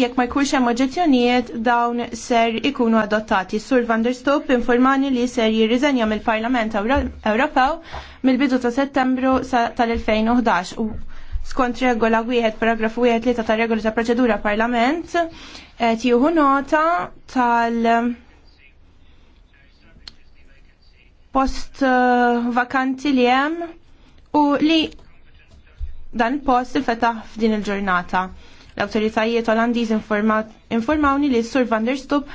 jekk ma jkunx hemm oġġezzjonijiet dawn ser ikunu adottati. Sur Van der Stoop informani li ser jirriżenja mill-Parlament Ewropew mill-bidu ta' Settembru tal-2011 u skont regola wieħed paragrafu wieħed li ta' regola ta' proċedura Parlament qed jieħu nota tal- post eh, vakanti li hemm u li dan il-post infetaħ f'din il-ġurnata. L-autoritajiet Olandiż informawni li s-Sur Van der Stub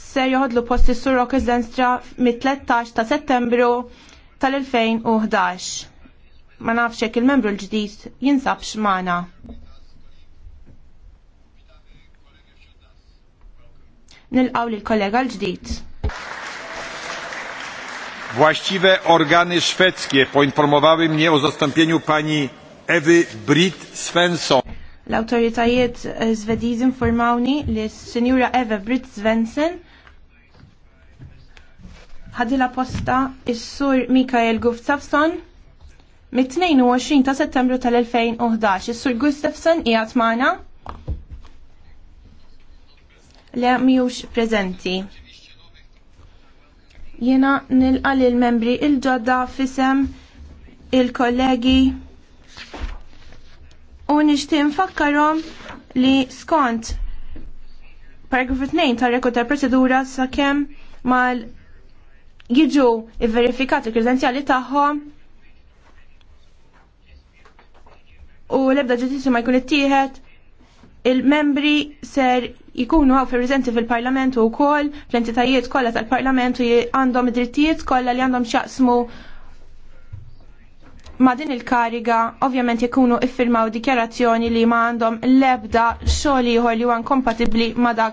ser joħodlu posti sur Rockers Denstra mit-13 ta' settembru tal-2011. Ma nafx jekk il-membru l-ġdid jinsab x'mana. Nilqaw lil kollega l-ġdid. Właściwe organy szwedzkie poinformowały mnie o zastąpieniu pani Evi Brit Svensson. L-autoritajiet eh, Svediż informawni li s-Sinjura Eva Brit Svensson ħadila posta s sur Mikael Gustafsson mit-22 ta' settembru tal-2011. Is-Sur Gustafsson qiegħed magħna le miux prezenti. Jena nilqa l-membri il-ġodda fisem il-kollegi nixtieq nfakkarhom li skont paragrafu 2 tar-rekord tal sa' sakemm mal jiġu verifikat il-kredenzjali tagħhom u l-ebda ma jkun ittieħed il-membri ser jikunu għaw prezenti fil parlamentu u kol, fl-entitajiet kolla tal parlamentu għandhom id-drittijiet kolla li għandhom xaqsmu ma' din il-kariga ovvjament ikunu iffirmaw dikjarazzjoni li ma' għandhom l-ebda xogħol ieħor li huwa kompatibbli ma' dak